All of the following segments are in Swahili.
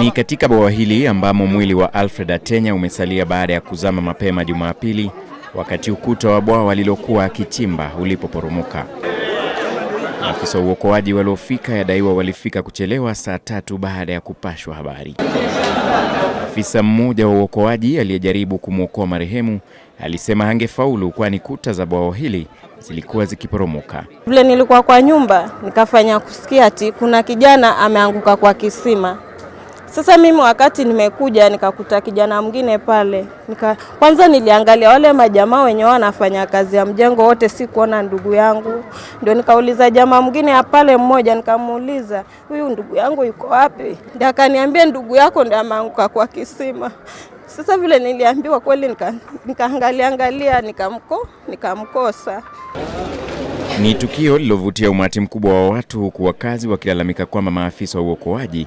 Ni katika bwawa hili ambamo mwili wa Alfred Atenya umesalia baada ya kuzama mapema Jumapili wakati ukuta wa bwawa alilokuwa akichimba ulipoporomoka. Maafisa wa uokoaji waliofika yadaiwa walifika kuchelewa saa tatu baada ya kupashwa habari. Afisa mmoja wa uokoaji aliyejaribu kumwokoa marehemu alisema hangefaulu, kwani kuta za bwawa hili zilikuwa zikiporomoka. Vile nilikuwa kwa nyumba, nikafanya kusikia ati kuna kijana ameanguka kwa kisima sasa mimi wakati nimekuja nikakuta kijana mwingine pale nika, kwanza niliangalia wale majamaa wenye wanafanya kazi ya mjengo wote, si kuona ndugu yangu. Ndio nikauliza jamaa mwingine pale mmoja, nikamuuliza huyu ndugu yangu yuko wapi? Ndio akaniambia ndugu yako ndio ameanguka kwa kisima. Sasa vile niliambiwa kweli, nikaangalia angalia, nikamko nikamkosa. Ni tukio lilovutia umati mkubwa wa watu, huku wakazi wakilalamika kwamba maafisa wa uokoaji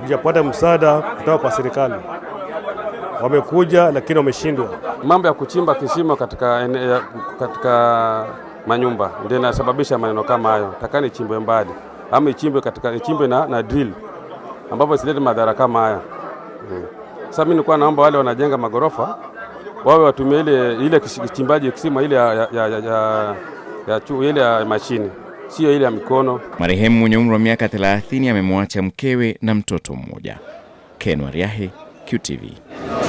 hujapata msaada kutoka kwa serikali. Wamekuja lakini wameshindwa. Mambo ya kuchimba kisima katika, ene, katika manyumba ndio inasababisha maneno kama hayo. Takani ichimbwe mbali ama ichimbwe katika ichimbwe na, na drill ambapo isilete madhara kama haya hmm. Sasa mimi nilikuwa naomba wale wanajenga magorofa wawe watumie ile ile kichimbaji kisima ile ya, ya, ya, ya, ya, ya, ya mashini siyo ile ya mikono. Marehemu mwenye umri wa miaka 30 amemwacha mkewe na mtoto mmoja. Ken QTV.